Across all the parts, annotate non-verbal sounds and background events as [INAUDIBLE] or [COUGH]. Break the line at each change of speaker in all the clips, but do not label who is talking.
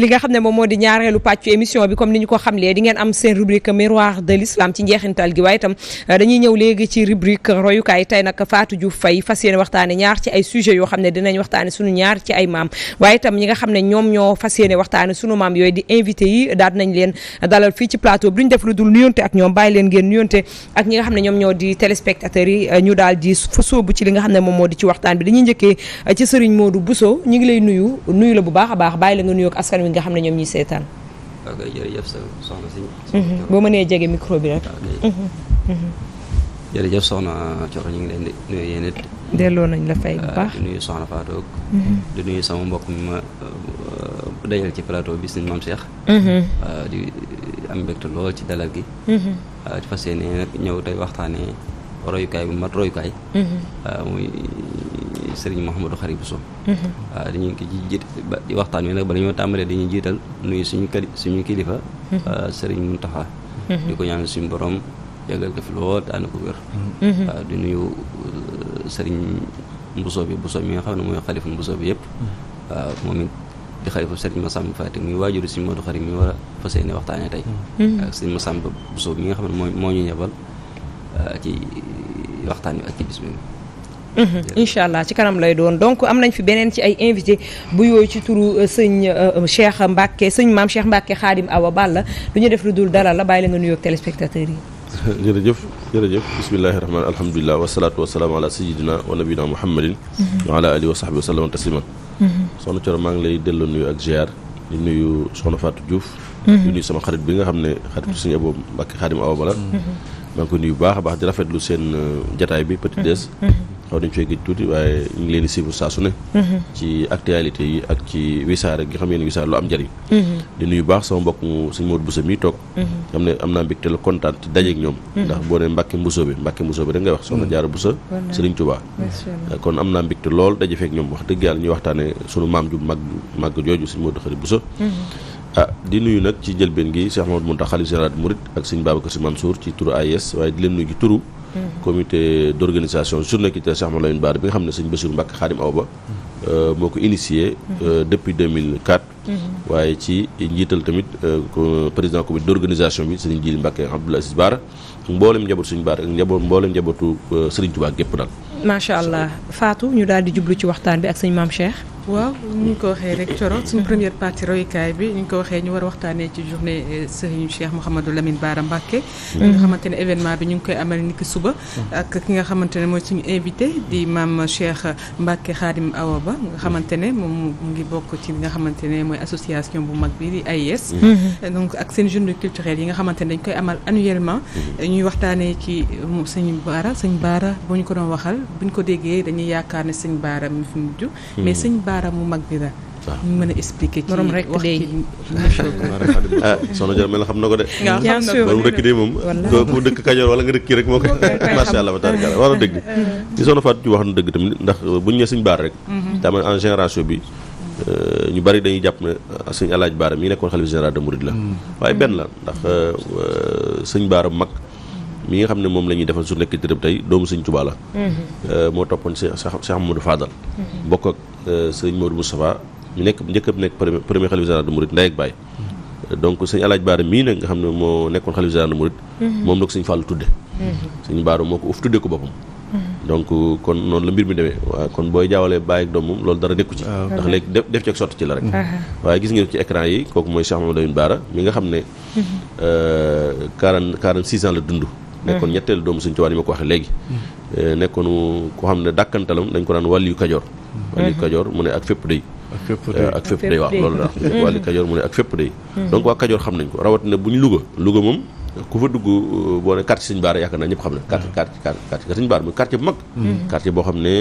li nga xam ne moom moo di ñaareelu pàccu émission bi comme ni ñu ko xamlee di ngeen am seen rubrique miroir de l'islam ci njeexintal gi waaye itam euh, dañuy ñëw léegi ci rubrique royukaay tey nag faatu ju Faye fas yéene waxtaane ñaar ci ay sujet yoo xam ne dinañ waxtaane suñu ñaar ci ay maam waaye itam ñi nga xam ne ñoom ñoo fas yéene waxtaane suñu maam yooyu di invité yi daal nañ leen dalal fii ci plateau bi duñ def lu dul nuyonte ak ñoom bàyyi leen ngeen nuyonte nga xam ne ñoom ñoo di téléspectateurs yi euh, ñu daal di fa sóobu ci li nga moom moo di ci waxtaan bi dañuy njëkkee euh, ci Serigne Modou Bousso ñu ngi lay nuyu nuyu la bu baax a baax wi nga xam ne ñoom ñuy seetaan. ok jërëjëf soxna si. Mhm. boo mënee jege micro bi rek. Mhm. Mhm.
jërëjëf soxna Coro ñu ngi leen di nuyu yéen it.
delloo nañ la fay bu euh, baax di
nuyu soxna Fatou. di nuyu sama mbokk mi ma euh, dajal ci plateau bi suñu maam Cheikh. Euh, di am mbégte lool ci dalal gi. di fas yéene ñëw tey waxtaanee royukaay bu mat royukaay. sëriñ Mouhamadou Khari Bousso waaw mhm. ah, dañuy ko ci jiit di waxtaan wi nag bala ñoo tàmbalee dañuy jiital nuyu suñu kali suñu kilifa mhm. ah, sëriñ Mountakha mhm. di ko ñaan suñu borom yàggal ko fi lool te ànd ko ah, di nuyu sëriñ Bousso bi Bousso mi nga xam ne mooy xalifa Bousso bi yëpp waaw moom it di xalifa sëriñ Massamba Fatick muy waajuru suñu Modou Khari mi war a fas yéene waxtaanee tey ak sëriñ Massamba Bousso mi nga xam ne moo moo ñu ñebal i waxtaan wi ak ci bis
Mhm, incha allah ci kanam lay doon donc am nañ fi beneen ci ay invité bu yooyu ci turu euh, sëñ euh, euh, Cheikh Mbacke sëñ maam Cheikh Mbacke Khadim Awa Balla du ñu def lu dul dalal la bàyyi la nga nuyoog téléspectateurs yi.
[LAUGHS] jërëjëf jërëjëf bismillahi rahmaan alhamdulilah wasalaatu wasalaamu ala sayidina wa nabina muhammadin mhm. wa ala alihi wa sahbi wa salama taslima mhm. soxna Coro maa ngi lay delloo nuyu ak ziar di nuyu soxna Fatou Diouf di nuyu sama xarit bi nga xam ne xaritu suñu Abo Mbacke Khadim Awa Balla maa ngi ko nuyu baax a xaw nañu fee gëj tuuti waaye ñu ngi leen di suivre saa su ne. Mhm. ci actualité yi ak ci wisaare gi nga xam ne wisaare lu am njëriñ. Mhm. di nuyu baax sama mbokk mu suñu Modou Bousso mii mhm. da ngay wax soxna Diarra Bousso. Serigne Touba. Eh, kon am naa mbégte lool daje feeg ñoom wax dëgg ñuy waxtaanee sunu maam ju mag jooju suñu Modou Khari Bousso. ah di nuyu nag ci jëlbeen gi Cheikh Mamadou Mountakha xalifa général Mouride ak sëñ Babacar Sy Mansour ci turu AIS waaye di leen nuyu ci turu comité d' organisation journée ki te sax ma lañu baar bi nga xam ne sëñ Bassirou Mbacké Xaadim Aw Ba boo euh, ko initié euh, depuis 2004 waaye ci njiital tamit euh, président comité d' organisation bi sëñ Jili Mbacké Abdoul Aziz Baara mboolem njaboot suñ baar ak njaboot mboolem njabootu Sëriñ tubaak gépp dal
macha allah Fatou ñu daal di jublu ci waxtaan bi ak sëñ Maam Cheikh waaw ñu ngi ko waxee rek Coro suñu première partie royukaay bi ñu ngi ko waxee ñu war a waxtaanee ci journée euh, Serigne Cheikh Mouhamadou Lamine Bara Mbacké ñi mm-hmm. nga xamante événement bi ñu ngi koy amal niki suba ak ki nga xamante ne mooy suñu invité di maam Cheikh Mbacké Khadim Awa Ba nga xamante ne moom mu ngi bokk ci li nga xamante ne mooy association bu mag bi di AIS mm-hmm. donc ak seen journée culturelle yi nga xamante ne dañ koy amal annuellement mm-hmm. ñuy waxtaanee ci sëñ Bara sëñ Bara bu ñu ko doon waxal buñ ko déggee dañuy yaakaar ne sëñ Bara baaraamu mag bi la. waaw ñu mën a expliquer. ci wax ci [LAUGHS]
soxna na xam na ko de. bien sûr borom rek de moom. wallaahi ku dëkk Kajoor wala nga dëkk kii rek moo koy. [LAUGHS] macha allah tabaarkalla war na dëgg. ci soxna Fatou ci wax na dëgg tamit ndax bu ñu nee suñu baar rek. tamit mhm. en génération bi. Euh, ñu bari dañuy jàpp ne ah, sëñ Alaaji Baara mi nekkoon xalifa général de Mouride la. Mhm. waaye benn la ndax euh, sëñ Baara mag. mi nga xam ne moom la ñuy defal su culturelle bi tey doomu sëñ Tuubaa la mhm. euh, moo toppoon sa Cheikh Amadou Fadal mhm. bokk ak euh, sëñ Modou Moustapha ñu nekk njëkk ab nekk premier premier a général de Mouride ndey ak baay mhm. donc sëñ alaaj baara mii nag nga xam ne moo nekkoon xalifa général de Mouride moom la ko sëñ Fallou tudde sëñ baara moo ko uf tuddee ko boppam donc kon noonu la mbir mi demee waa kon booy jaawalee bàyyi ak doom loolu dara nekku ci ndax léegi def def ceeg sotti ci la rek waaye gis ngeen ci écran yi kooku mooy Cheikh Mamadou Lamine Bara mi nga xam ne euh, quarante quarante six la dund nekkoon ñetteelu doomu suñ tubaab ni ma ko waxee léegi eh, nekkoonu ko xam ne dàkkantalam dañ ko daan wàlliyu kajoor wàlliyu kajoor mu ne ak fépp day ak fépp day eh, waaw loolu daal wàlliyu kajoor mu ne ak fépp day mm-hmm. donc waa kajoor xam nañ ko rawatina bu ñu luga Louga moom ku fa dugg euh, boo ne quartier Sëñ Baara yaakaar naa ñëpp xam ne quartier mm. quartier quartier Sëñ Baara mooy quartier bu mag mm. Mm. quartier boo xam ne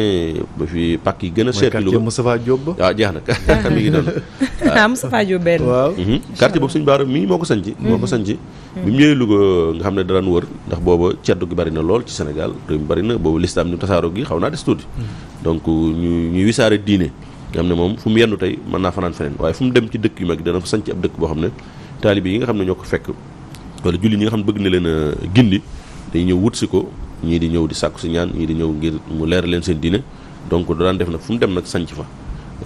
ba fi pàkk yi gën a seet quartier Moustapha Diop ba waaw jeex na [LAUGHS] ah. [LAUGHS] mi ngi doon
waaw [LAUGHS] ah, Moustapha Diop benn waaw
mhm. quartier boobu Sëñ Baara mii moo ko sanc moo ko sanc bi mu ñëwee Louga nga xam ne daraan wër ndax booba ceddu gi bari na lool ci Sénégal réew mi bari na boobu lislaam ñu tasaaroo gi xaw naa des tuuti donc ñu ñuy wisaare diine nga xam ne moom fu mu yendu tey mën naa fanaan feneen waaye fu mu dem ci dëkk yu mag dana fa sanc ab dëkk boo xam ne taalibe yi nga xam ne ñoo ko fekk wala julli ñi nga xam ne bëgg na leen a gindi day ñëw wut si ko ñii di ñëw di sàkku si ñaan ñii di ñëw ngir mu leer leen seen diine donc daan def nag fu mu dem nag sanc fa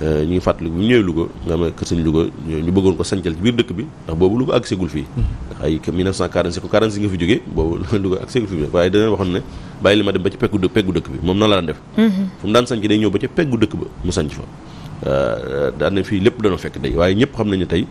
euh, ñu ngi fàttali bu ñu ñëwee Louga nga xam ne ko sancal bi nga fi jógee boobu [LAUGHS] Louga ma dem ba ci peggu dëkk bi moom noonu la daan def mm-hmm. fu mu daan sanc day ñëw ba ca peggu dëkk ba mu sanc fa euh, daan na fii lépp dana fekk day waaye ñëpp xam ñu tey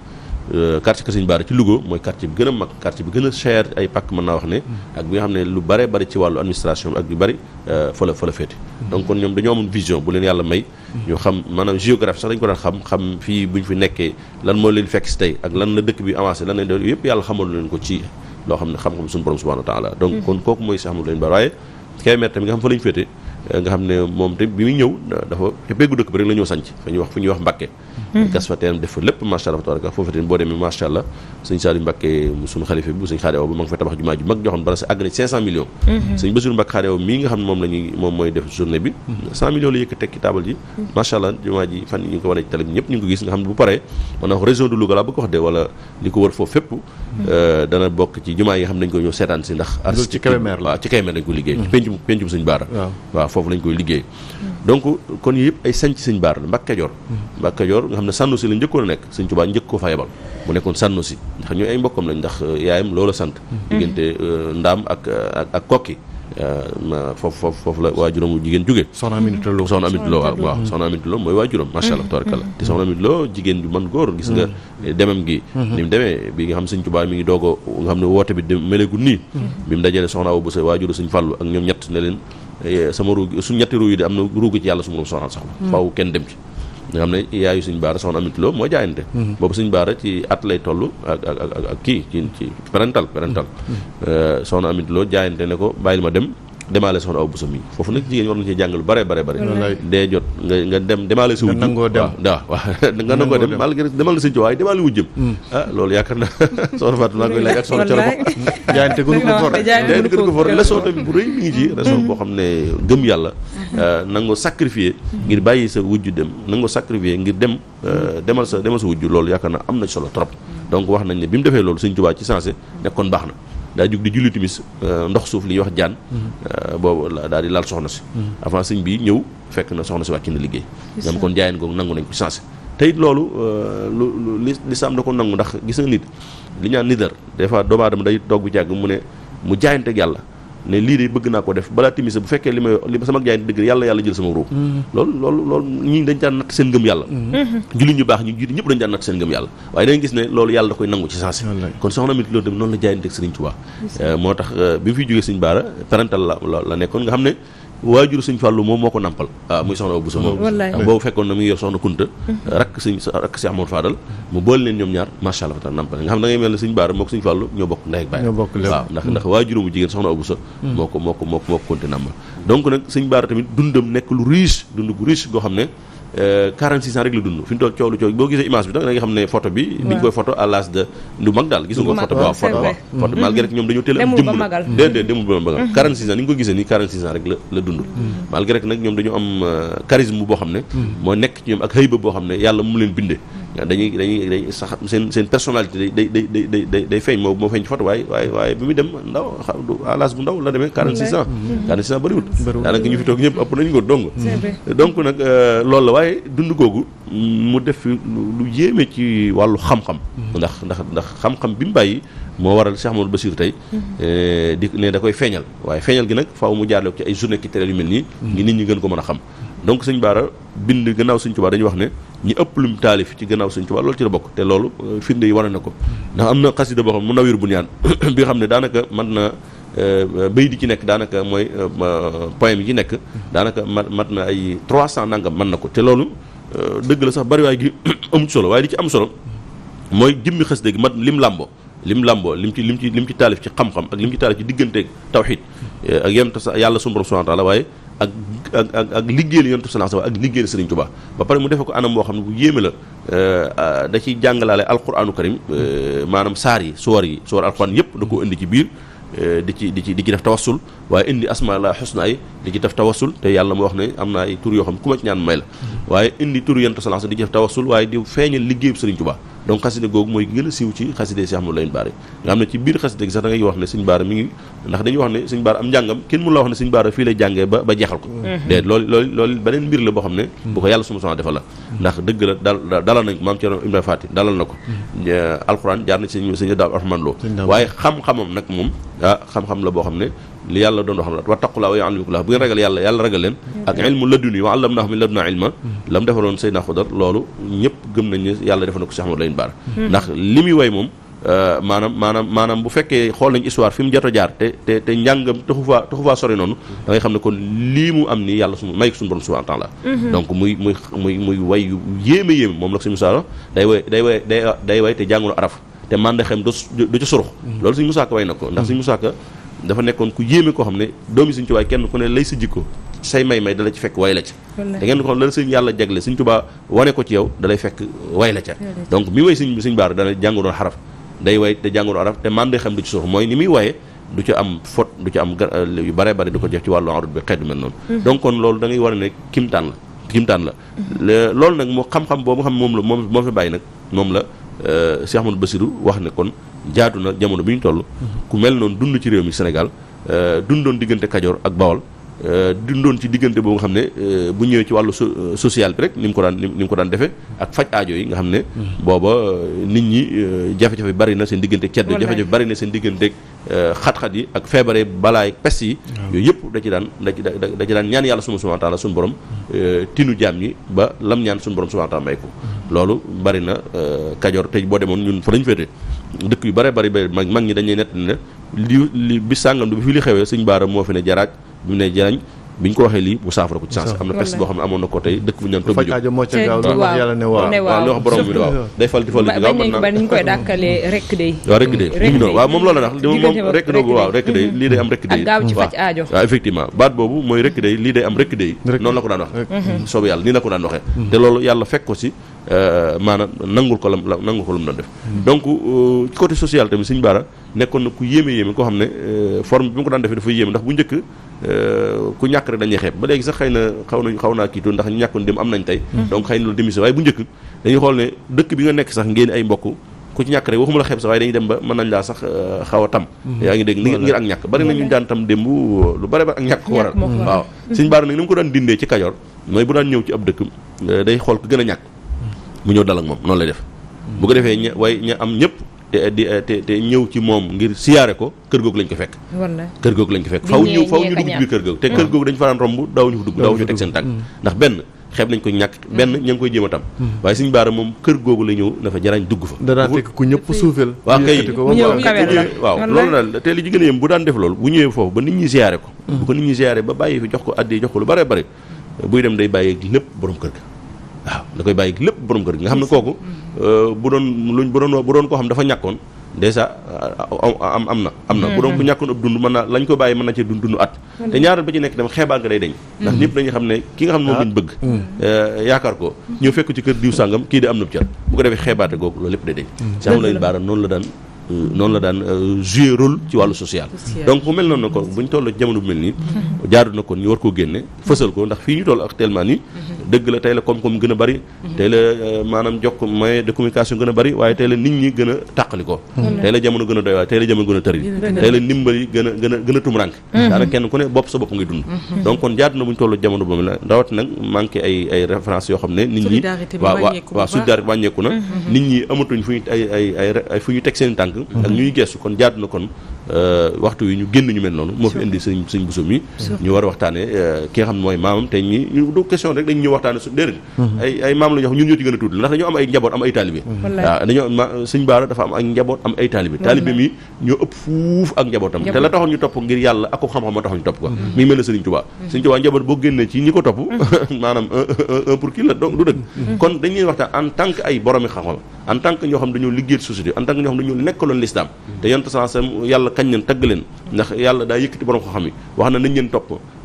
Euh, quartier Kër Sëñ Baara ci Louga mooy quartier bi gën a mag quartier bi gën a cher ay pàkk mën naa wax ne mm. ak bi nga xam ne lu bare bari ci wàllu administration bi ak lu bari euh, fa la fa la féete mm. donc kon ñoom dañoo amoon vision bu leen yàlla may mm. ñu xam maanaam géographie sax dañ ko daan xam xam fii bu ñu fi nekkee lan mooy leen fekk si tey ak lan la dëkk bi avancé lan lañ def yëpp yàlla xamal leen ko ci loo xam ne xam-xam suñu borom subhanahu wa taala donc kon kooku mooy si xamul leen ba waaye Kébémer tamit nga xam fa nga xam ne moom te bi muy ñëw dafa te dëkk bi rek la ñëw fu ñuy wax Mbàkke gas fa teen def fa lépp macha foofu teen boo demee macha allah sëñ Saliou suñu xalifa bi suñ xaade ba ma dana bokk ci jumaa yi nga xam ne dañ ko ñëw seetaan si ndax artiste waaw ci Kébémer dañ ko liggéey ci hmm. péncu péncu Baara waaw foofu lañ koy liggéey donc kon yi yëpp ay sanc sëñ baar la Mbàkke Kajoor Mbàkke nga xam ne Sànnusi la njëkkoon a nekk sëñ Tuubaa njëkk ko fa yebal mu nekkoon Sànnusi ndax euh, la waajuram wu jigéen jóge soxna Aminata Lo soxna Aminata Lo mm-hmm. Lo mooy waajuram macha allah mm-hmm. tabarakalla mm-hmm. te soxna Aminata Lo jigéen ju man góor gis nga demam gi ni mu demee bi nga xam sëñ Tuubaa mi ngi doogo nga xam ne woote bi de meleegu nii Fàllu ak ñoom ñett ne Eh, sama ruug su ñetti ruug yi am na ruugu ci yàlla suma murom soxna soxla hmm. faaw kenn dem ci nga xam ne yaayu suñ baara soxna amit loo moo jaayante hmm. boobu suñ baara ci at lay toll ak ak ak kii ci ci parental parental hmm. eh, soxna amit loo jaayante ne ko bàyyil ma dem demaale soxna aw bosom yi foofu nag jigéen ñi war na cee jàngal bare bare bare dee jot nga nga dem demaale sa wujj nangoo dem waaw waaw [LAUGHS] nga nangoo dem malgré demal na sëñ ci waaye demaale hmm. ah, loolu yaakaar na [LAUGHS] soxna Fatou maa koy laaj ak soxna Thioro jaayante gënu ko for jaayante bu rëy hmm. boo xam ne gëm yàlla hmm. euh, nangoo sacrifier ngir bàyyi sa wujj dem nangoo sacrifier ngir dem euh, demal sa demal sa wujj loolu yaakaar na am na solo trop donc wax nañ ne bi mu defee loolu sëñ Tuubaa ci sensé nekkoon baax na daa jug di julli timis euh, ndox suuf li ñuy wax jaan euh, boobu daal di laal soxna si avant sëñ bi ñëw fekk na soxna si wàcc na liggéey ñoom kon jaayeen googu nangu nañ ko changé te loolu euh, lu li lislaam da ko nangu ndax gis nga nit li ñaan nidar des fois doomu aadama day toog bu jàgg mu ne mu jaayante ak yàlla ne lii de bëgg naa ko def balaa timisa bu fekkee li may li sama jaay dëgg yàlla yàlla jël sama ruub mm. loolu loolu loolu dañ daan natt seen ngëm yàlla mm. mm-hmm. julli ñu baax ñu jiitu ñëpp dañ daan natt seen ngëm yàlla waaye dañ gis ne loolu yàlla da koy nangu ci sens kon soxna mi loolu tamit noonu la jaayante ak Sëriñ Tuubaa euh, moo tax euh, bi mu fi jógee Sëriñ Baara parental la la nekkoon nga xam ne waajur sëñ Fallou moom moo ko nampal waaw ah, muy soxna Obou Sa moom boobu fekkoon na mu ngi yor soxna Kunta mhm. rakk sëñ rakk si Amadou Fadal mu boole leen ñoom ñaar macha allah fa tax nampal nga xam da ngay mel ne sëñ Baara moo ko sëñ Fallou ñoo bokk ndey ak baay waaw ndax ndax mm. waajur mu jigéen soxna Obou Sa mm. moo ko moo ko moo ko moo ko donc nag sëñ Baara tamit dundam nekk lu riche dund gu riche goo xam ne 46 euh, ans rek la dund fi mu toog coow lu coow boo gisee image bi nag da xam ne photo bi bi ñu koy photo à de lu mag daal gis nga ko photo bi photo waaw photo ñoom dañoo teel am jëmm la déedéet demul ba magal 46 mm-hmm. ans ni nga ko gisee nii 46 ans rek la la dund mm-hmm. nag ñoom dañoo am euh, charisme boo xam ne mm-hmm. moo nekk ci ñoom ak xëyba boo xam ne yàlla mu leen bindee dañuy dañuy dañuy sax seen seen personnalité day day day day day feeñ moo moo feeñ ci foto waaye waaye bi muy dem ndaw à bu ndaw la demee 46 ans 46 ans bëriwul daanaka ñu fi toog ñëpp ëpp nañu ko dong donc nag euh, loolu la waaye dund googu mu def fi lu yéeme ci wàllu xam-xam mm-hmm. ndax ndax ndax xam-xam bi mu bàyyi moo waral Cheikh Amadou Bassirou tey mm-hmm. euh, di ne da koy feeñal waaye feeñal gi nag faaw mu jaarle ko ci ay journée culturelle yu mel nii mm-hmm. ngi nit ñi gën ko mën a xam donc sëñ Baara bind gannaaw sëñ Tuubaa dañuy wax ne ñi ëpp lu mu taalif ci gannaaw Sëñ Tuubaa loolu ci la bokk te loolu euh, firnde yi wane na ko ndax am na xasida boo xam mu nawir bu ñaan [COUGHS] bi nga xam ne daanaka man na euh, bay di ci nekk daanaka mooy euh, poème yi ci nekk daanaka mat na ay 300 nangam mën na ko te loolu dëgg la sax bariwaay gi [COUGHS] amut solo waaye di ci am solo mooy jëmmi xasida gi mat lim làmbo lim làmboo lim ci lim ci lim ci taalif ci xam-xam ak lim ci taalif ci digganteeg tawxiid ak yem ta yàlla sunu borom subhaanahu wa waaye ak ak ak ak liggéeyal yontu sallallahu alayhi wa sallam ak liggéeyal Serigne ba pare mu defe ko anam boo xam ne bu yéeme la euh, euh, da ciy jàngalaale alquranu karim euh, maanaam saar yi soor yi soor alquran yëpp da koo indi ci biir di ci di ci di ci def tawassul waaye indi asmaa la xusna di ci def tawassul te yàlla mu wax ne am na ay tur yoo xam ku ma ci ñaan may la mm-hmm. waaye indi tur yent salance di ci def tawassul waaye di feeñal liggéeyub a siiw ci xam ne ci biir sax da ngay wax ne Sëriñ Baara mi ngi ndax dañuy wax ne Sëriñ Baara am njàngam kenn mënu la wax ne Sëriñ Baara fii lay jàngee ba jeexal ko mm-hmm. dée loolu loolu loolu beneen mbir la boo xam ne mm-hmm. bu ko yàlla suma soxna defal ndax dëgg la dalal nañ ko maam Cerno Ibrahima Faati na ko euh, xam-xamam ah, boo xam ne li yàlla doon wax nag wa taqulaa wa yuallimukumullah bu ngeen ragal yàlla yàlla ragal leen ak ilmu laduni wa allamnaahu min ladunaa ilma la mu defaloon Seydina Xudar loolu ñëpp gëm nañ yàlla defa na ko si Ahmadu Lamin Baara hmm. ndax li muy way moom euh, maanaam maanaam maanaam bu fekkee xool nañ histoire fi mu jot a jaar te te te njàngam taxu faa taxu noonu da ngay ne kon lii mu am nii yàlla suñu may ko suñu borom subhaana hmm. donc muy muy muy muy way yu yéeme yéeme moom nag ko suñu saaro day way day way day day way te jàngul araf te màndaxem du ca surux hmm. loolu suñu musaaka way na ko ndax suñu musaaka dafa nekkoon ku yéeme koo xam ne doomi Sëñ Tuubaa kenn ku ne lay sa jikko say may-may dala ci fekk way la ca da ngeen ko xam lan sëñ yàlla jagle Sëñ Tuubaa ko ci yow dalay fekk way la ca donc mi way sëñ sëñ baar dana jàngudoon xaraf day way te te maam day xam li ci suuf mooy ni muy waye du ci am fot du ci am euh, yu bare bare du ko def ci wàllu arut bi xeetu mel noonu mm-hmm. donc kon loolu da ngay war ne kimtaan la kimtaan mm-hmm. loolu nag moo xam-xam boobu xam moom la moom moo fi bàyyi nag moom la Euh, Cheikh Amadou Bassirou wax ne kon jaatu na jamono bi ñu toll. Mhm. ku mel noonu dund ci réew mi Sénégal euh, doon diggante Kajoor ak Bawol. Euh, dundoon ci diggante boobu nga xam ne euh, bu ñëwee ci wàllu euh, social bi rek ni mu ko daan ni mu ko daan defee ak faj aajo yi nga xam ne. Hmm. booba nit ñi jafe-jafe bari na seen diggante cedd jafe-jafe bari na seen diggante xat-xat yi ak feebare balaay pes yi. Hmm. yooyu yëpp da ci daan da ci da ci ñaan yàlla suma subhaana taala suñu borom. Hmm. tinu jaam ñi ba lam ñaan suñu borom subhaana taala may ko. loolu bari na kajoor tey boo demoon ñun fa lañ féete dëkk yu bare bari bari mag mag ñi dañuy nett ne li li bi sàngam bi fi li xewee suñ baara moo fi ne bi mu ne jaañ bi ñu ko waxee lii mu saafara ko ci saas am na peste boo xam ne amoon na ko tey dëkk bu ñu naan tëb waaw yàlla ne waaw waaw li wax borom bi waaw day fal di fal di gaaw mën naa ba
ñu koy [LAUGHS] dàkkalee rekk day waaw
rekk day mu ngi noonu waaw moom loolu la ndax moom rekk doogu waaw rekk day lii day am rekk day gaaw ci faj aajo waaw effectivement baat boobu mooy rekk day lii day am rekk day noonu la ko daan wax mhm. soobu yàlla nii la ko daan waxee mhm. te loolu yàlla fekk ko si euh, maanaam nangul ko lam nangul ko lam doon def mhm. donc euh, ci côté social tamit suñu baara nekkoon na ku yéeme yéeme koo xam ne euh, forme bi mu ko daan defee dafa yéeme ndax bu njëkk Euh, ku ñàkk rek dañuy xeeb ba léegi sax xëy na xaw nañ xaw naa kiitu ndax ñàkkoon dem am nañ tey mm-hmm. donc xay na loolu demise waaye bu njëkk dañuy xool ne dëkk bi nga nekk sax ngeen ay mbokk ku ci ñàkk rek waxuma la xeeb sax waaye dañuy dem ba mën nañ laa sax euh, xaw a tam mm-hmm. yaa ngi dégg ngir ak ñàkk bari na ñu daan tam démb lu bari ak ñàkk ko waral waaw mm-hmm. suñ baara nag ni mu ko daan dindee ci Kajoor mooy bu daan ñëw ci ab dëkk euh, day xool ku gën a ñàkk mu ñëw dal ak moom noonu lay def bu ko defee ña waaye ña am ñëpp te di eh, te te ñëw ci moom ngir siyaare ko kër googu lañ ko fekk kër googu lañ ko fekk faw ñu faw ñu dugg ci biir kër googu te kër googu dañu fanaan romb daaw ñu fa dugg daaw ñu teg seen tànk mm. ndax mm. a tam mm. la ñëw dafa jarañ dugg fa danaa fekk ku ñëpp suufeel waaw kay waaw loolu daal te li ci gën a bu daan def loolu bu ñëwee foofu ba nit ñi siyaare ko bu ko nit ñi siyaare ba bàyyi fi jox ko addi jox ko lu bare bare buy dem day bàyyi lépp borom kër ga waaw da koy bàyyi lépp borom kër gi nga xam ne kooku euh, bu doon luñ bu doon ko doon koo xam dafa ñàkkoon dèjà euh, am am na am na hmm. bu doon ku ñàkkoon ab dund mën na lañ ko bàyyi mën na cee dund at hmm. te ñaaral ba ci nekk tam xeebaan nga day dañ ndax hmm. ñëpp dañuy xam ne ki nga xam ne moom lañ ah. bëgg euh, yaakaar ko ñëw fekk ci kër diw sàngam kii di am na bu bu ko defee xeebaate googu loolu lépp day dañ si am lañ baara noonu la daan noonu la daan euh, jouer rôle ci wàllu social donc mu mel noonu na ko bu ñu toll jamono bu mel nii mm-hmm. jaadu na kon ñu war koo génne fësal ko ndax fii ñu toll actuellement nii mm-hmm. dëgg la tey la koom-koom gën a bari mm-hmm. tey la euh, maanaam jokk moyen de communication gën a bari waaye tey la nit ñi gën a tàqali ko tey la jamono gën a doy waaye tey la jamono gën a tëri a a a daanaka kenn ku ne bopp sa bopp ngay dund donc kon jaadu na bu ñu jamono boobu la na nit jàng ak ñuy gestu kon jaadu na kon euh, waxtu wi ñu génn ñu mel noonu moo fi indi sëñ sëñ busum yi ñu war a waxtaane euh, ki nga xam ne mooy maamam te ñi ñu du question rek dañ ñu waxtaane su déedéet mhm. ay ay maam la ñoo xam ñun ñoo ci gën a tuuti ndax dañoo am ay njaboot am ay taalibe waaw dañoo sëñ baara dafa am ak njaboot am ay taalibe taalibe mi ñoo ëpp fuuf ak njabootam te la taxoon topp ngir yàlla ak ko xam-xam ma taxoon topp ko mhm. mi mel ne sëriñ Tuubaa mhm. sëriñ Tuubaa njaboot boo génnee ci ñi ko topp [LAUGHS] maanaam un pour kii la kon dañuy waxtaan en tant que ñoo xam dañoo liggéeyal société en tant que ñoo xam dañoo nekkaloon lislaam te yonent sa yàlla kañ leen tagg leen ndax yàlla daa yëkkati borom xam yi wax na nañ leen topp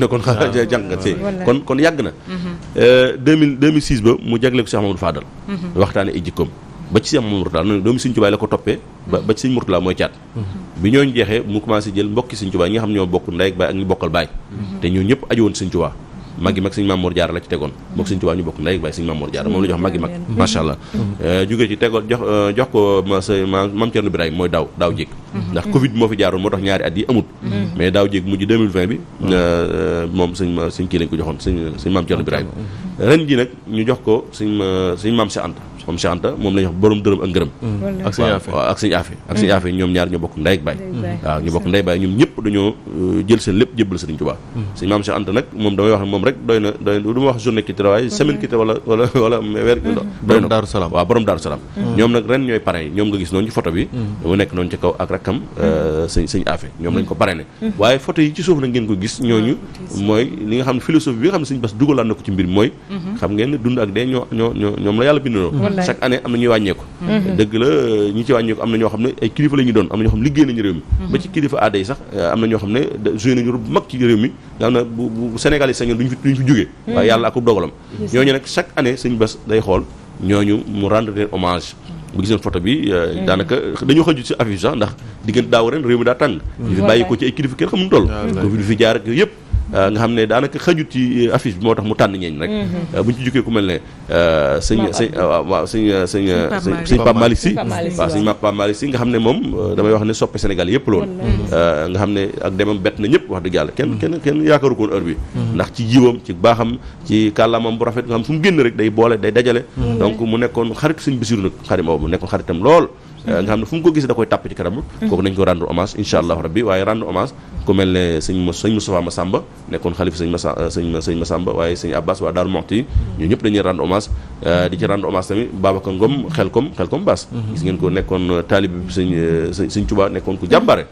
ne kon xanaa jàngat see kon kon yàgg na 2000 mhm. 2006 euh, ba mu jagle ko Cheikh Mamadou Fadal mhm. waxtaane ay jikkoom ba ci Cheikh Mamadou Murtala noonu doomu Sëñ Tuubaa la ko toppee ba ci Sëñ Murtala mooy caat mhm. bi ñooñ jeexee mu commencé jël mbokki Sëñ Tuubaa ñi xam ñoo bokk ndey ak baay ak ñu bokkal baay te ñoo ñëpp aju woon Sëñ mag yi mag sëñ Mamour Diarra la ci tegoon mook sëñ Tuubaa ñu bokk ndey waaye sëñ Mamour Diarra moom la jox maggi mag macha allah mm-hmm. eh, jógee ci tegoon jox eh, jox ko sa maam Thierno Birahim mooy daaw daaw jéeg mm-hmm. ndax covid moo fi jaaroon moo tax ñaari at yi amut mm-hmm. mais daaw jéeg mujj 2020 bi eh, moom sëñ sëñ kii lañ ko joxoon sëñ sëñ maam Thierno Birahim ren ji nag ñu jox ko suñ euh, suñ maam Cheikh Anta maam Cheikh Anta moom la wax borom dërëm ak ngërëm mm. Mm. ak suñu afe ak suñu ñoom ñaar ñu bokk ndey ak baay bokk ndey baay ñoom ñëpp dañoo euh, jël seen lépp jébbal Sëriñ Tuubaa mm. suñ maam moom damay wax ne moom rek doy na doy du ma wax journée kitte waaye ren ñooy parrain ñoom nga gis noonu ci photo bi mu nekk noonu ci euh, ñoom lañ ko parrainé waaye photo yi ci suuf na ngeen ko gis ñooñu ah, mooy li nga xam ne philosophie bi nga xam ne sëñ Bass dugalaan na ko ci mbir mooy Mm-hmm. xam ngeen ne dund ak dee ñoo ñoo ñoom la yàlla bindoo chaque année am na ñuy wàññeeku mm-hmm. dëgg la ñi ci wàññeeku am na ñoo xam ne ay kilifa la ñu doon am na ñoo xam ne liggéey nañu réew mi mm-hmm. ba ci kilifa aada yi sax eh, am na ñoo xam ne joué nañu rôle bu mag ci réew mi nga xam ne bu bu Sénégal fi jógee waaye yàlla ak dogalam ñooñu nag chaque année suñ bés day xool ñooñu mu rendre leen hommage bu gisoon photo bi eh, daanaka dañoo xëju ci affiche sax ndax diggante daaw ren réew mi daa tàng bàyyi ko ci ay kilifa kenn xamul toll Euh, nga xam ne daanaka xajut ci euh, affiche bi moo tax mu tànn ñeeñ rek mm-hmm. euh, bu ñu ci jukkee ku mel ne sëñ sëñ waaw sëñ sëñ sëñ Pape Malick Sy waaw sëñ Pape Malick Sy nga xam ne moom damay wax ne soppe Sénégal yëpp lool mm-hmm. nga xam ne ak demam bett na ñëpp wax dëgg yàlla kenn kenn kenn yaakaaru koon heure bi mm-hmm. ndax ci jiwam ci baaxam ci kàllaamam bu rafet nga xam fu mu génn rek day boole day dajale donc mu nekkoon xarit suñ Basiru nag xarit boobu nekkoon xaritam lool Euh, nga xam ne fu mu ko gisee da koy tàpp ci mm-hmm. kooku nañ ko rendre hommage incha allahu rabbi waaye rendre hommage ku mel ne sëñ ma sëñ Moustapha Massamba nekkoon xalifa sëñ Massa euh, sëñ sëñ Massamba waaye sëñ Abbas waa Daaru Moxti mm-hmm. ñu ñëpp dañuy rendre hommage euh, di ci rendre hommage tamit Babacar Ngom Xelkom Xelkom Baas mm-hmm. gis ngeen ko nekkoon taalib bi sëñ sëñ Tuubaa nekkoon ku jàmbare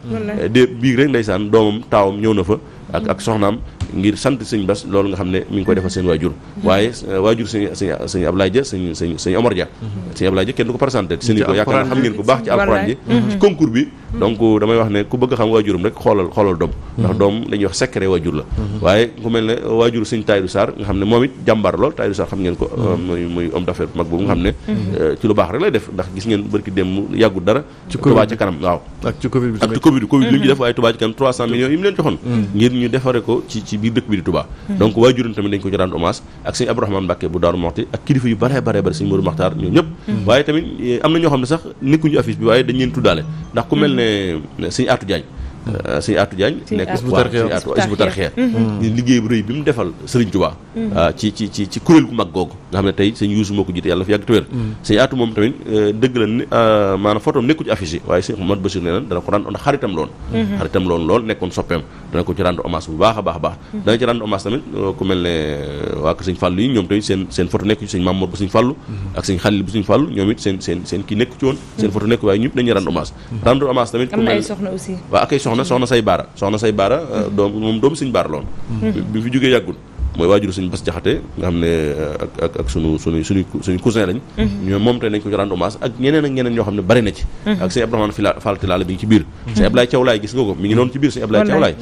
de biig rek ndeysaan doomam taawam ñëw na fa ak ak soxnaam ngir sant sëñ Bass loolu nga xam ne mi ngi koy defal seen waajur waaye euh, waajur sëñ sëñ sëñ Ablaye Dia sëñ sëñ sëñ Omar Dia mhm. sëñ Ablaye Dia kenn du ko présenté mhm. sëñ ko yaakaar naa xam ngeen ko baax ci alxuraan ji ci mhm. concours bi Mm-hmm. donc damay wax ne ku bëgg xam waajuram rek xoolal xoolal doom mm-hmm. ndax doom dañuy wax secret waajur la mm-hmm. waaye ku mel ne waajur suñ Taïdu Sarr nga xam ne moom it jàmbaar lool Taïdu Sarr xam ngeen ko euh, muy muy homme mag boobu nga xam ne euh, ci lu baax rek lay def ndax gis ngeen bërki dem yàggul dara Touba ca kanam waaw ak ci Covid bi ak ci Covid bi def waaye Touba ca kanam 300 millions yi mu leen joxoon ngir ñu defare ko ci biir dëkk bi di Touba ne Sëñ Atou Diagne Euh, sëñ Atou Diagne nekk Hizbut Tarqiyyah mhm. liggéey bu rëy bi mu defal Serigne Touba mhm. euh, ci ci ci ci kuréel gu mag googu nga xam ne tey sëñ Youssou moo ko jiite yàlla fi yàgg tawér mhm. sëñ Atou moom tamit euh, dëgg la ne maanaam nekku ci affiche yi a baax a ñoom tamit seen seen nekku ci sëñ Mamour bu sëñ Fallou ak sëñ Khalil bu sëñ Fallou ñoom it seen seen kii nekku ci seen photo nekku waaye ñëpp dañuy rendre hommage rendre hommage tamit ku mel soxna soxna say baara soxna say baara euh, doom moom doomu suñu baara loon bi fi jógee yàggul mooy waajuru suñu bas jaxate nga xam ne euh, ak ak ak sunu sunu cousin lañ mm-hmm. moom tey nañ ko ci rendre ak ñeneen ak ñeneen ñoo xam ne bari na ci mm-hmm. ak sëñ Abdourahmane Fall Tilala bi ngi mm-hmm. nga ko mi ngi noonu ci biir sëñ Ablaye Thiaw Laay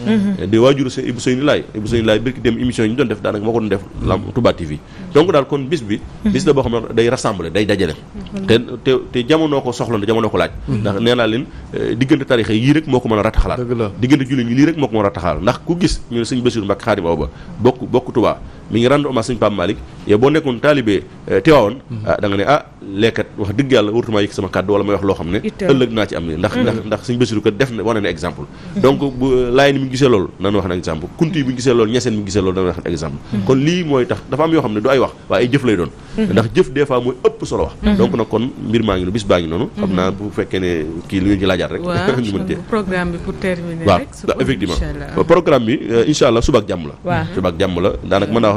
di ko la a rattaxalaat diggante moo ko a rattaxalaat ndax ku bokk bokk Touba mi ngi rendre hommage suñu Pape Malick yow boo nekkoon taalibe eh, Tiwaawoon mhm. ah, da nga ne ah lekkat wax dëgg yàlla warutuma yëg sama kàddu wala may wax loo xam ne euh, ëllëg naa ci am ni mhm. ndax ndax ndax suñu Bassirou def na wane na exemple mhm. donc bu laay ni mi ngi gisee loolu nan wax na exemple kunti yi mi gisee loolu ñeseen mi gisee loolu dana wax na exemple kon lii mooy tax dafa am yoo xam ne du ay wax waaye ay jëf lay doon ndax jëf des fois mooy ëpp solo wax donc nag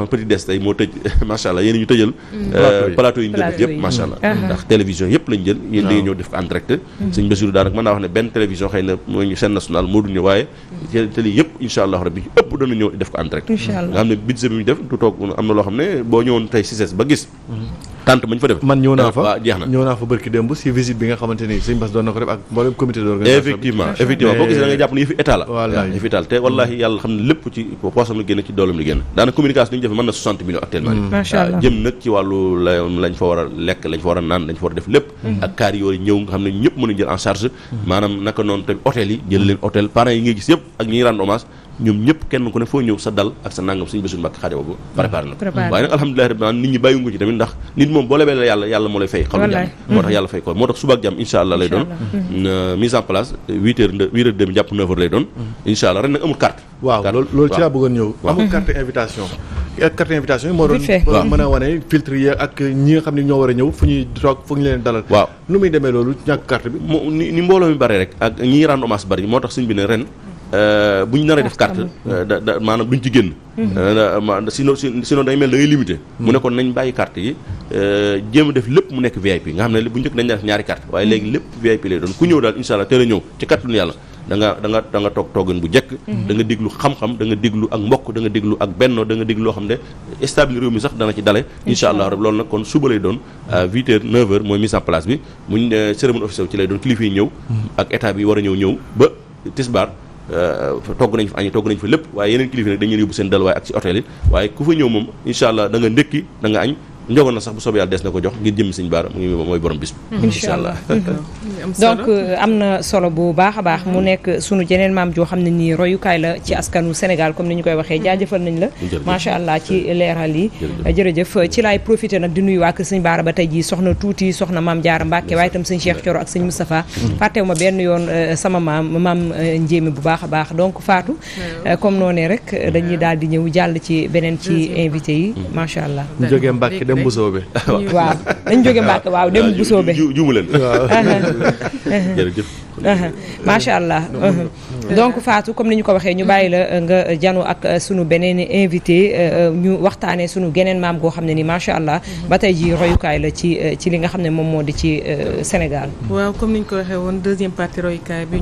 [LAUGHS] xam Petit Déj tey moo tëj [LAUGHS] macha allah yéen mm. euh, ñu tëjal plateau yi ñu yëpp macha mm-hmm. jël yéen da ñëw def ko en direct mm-hmm. sëñ Bassirou mën naa wax ne benn télévision xëy na ñu chaîne nationale moo duñu waaye mm-hmm. télé yëpp insha allah rabbi ëpp dana ñëw def ko en nga xam ne budget bi ñu def du toog am na loo xam ne boo ñëwoon tey ba gis tante ma ñu fa def man ñëw naa ah, fa jeex na ñëw naa fa barki démb si visite bi nga xamante ni sëñ Bass doon na ko def ak mboolem comité d'organisation effectivement effectivement boo gisee da ngay jàpp ne yëfi état la wallahi yëfi la te wallahi yàlla xam ne lépp ci poosam la génn ci doolam li génn daanaka communication ni ñu def mën na 60 millions actuellement ni mm. jëm nag ci wàllu lañ fa war a lekk lañ fa war a naan lañ fa war a def lépp mm. ak kaar yooyu ñëw nga xam ñoom ñëpp kenn ku ne foo ñëw sa dal ak sa nangam suñu bésul mbàkk xaade boobu préparé na ko waaye nag alhamdulilah rabbil alamin nit ñi bàyyi ko ci tamit ndax nit moom boo lebee la yàlla yàlla moo lay fay xam nga moo tax yàlla fay ko moo tax suba jàmm incha allah lay doon mm. euh, mise en place huit heures huit heures jàpp neuf lay doon mm. incha allah ren nag amul carte waaw loolu ci laa bëggoon ñëw amul carte invitation euh, ak moo doon mën a wane filtre yi ak ñi nga xam ne ñoo war a ñëw fu ñuy toog fu ñu leen dalal waaw nu loolu ñàkk carte bi ni mbooloo mi bare rek ak ñi rendre hommage moo tax suñ bi ren Euh, bu ñu naree def carte euh, da da maanaam duñ ci génn. Mhm. Euh, sinon sinon day mel da ngay limité. mu mhm. nekkoon kon nañ bàyyi carte yi jéem a def lépp mu nekk VIP nga xam ne bu njëkk dañ def ñaari carte waaye léegi lépp VIP lay doon ku ñëw daal incha allah a ñëw ci kàttanu yàlla. da nga da nga da bu jekk mhm. da nga déglu xam-xam da déglu ak mbokk da nga déglu ak benno da nga déglu loo xam ne stable mi sax dana ci dale incha allah rab loolu nag kon suba lay doon huit heures neuf heures mooy mise en place bi muñ cérémonie officielle ci lay doon kilifa yi ñëw ak état bi ñëw ñëw ba Euh, togg nañ fa añ togg nañ fa lépp waaye yeneen kilifa nag dañu leen yóbbu seen dalwaay ak ci hôtel yi waaye ku fa ñëw moom incha allah da nga ndékki añ njogoon na sax bu soobee yàlla des na ko jox ngir jëm Sëñ Baara mu ngi mooy borom bis bi incha allah
mm-hmm. [LAUGHS] donc euh, am na solo bu baax baax mu mm-hmm. nekk sunu jeneen maam joo xam ne nii royukaay la ci askanu Sénégal comme ni ñu koy waxee mm-hmm. jaajëfal nañ la macha allah ci leeral yi ci laay profité nag di nuyu waa kër Sëñ Baara ba tey ji soxna tuuti soxna maam Jaara Mbàkke waaye itam sëñ Cheikh Thioro ak sëñ Moustapha fàttewu ma benn yoon euh, sama maam maam euh, njéemi bu baax a baax donc Fatou comme noonee rek dañuy daal di ñëw jàll ci beneen ci invité yi macha allah dem bu soobee. [LAUGHS] waaw dañ jóge Mbàkke waaw dem bu soobee. juumu leen [LAUGHS] [LAUGHS] jërëjëf. macha allah donc Fatou comme ni ñu ko waxee ñu bàyyi la euh, nga euh, janu ak euh, sunu beneen invité ñu waxtaanee sunu geneen maam goo xam ne nii macha allah. Mhm. ba tey jii royukaay la ci ci li nga xam ne moom moo di ci Sénégal. waaw comme ni ñu ko waxee woon deuxième partie royukaay bi.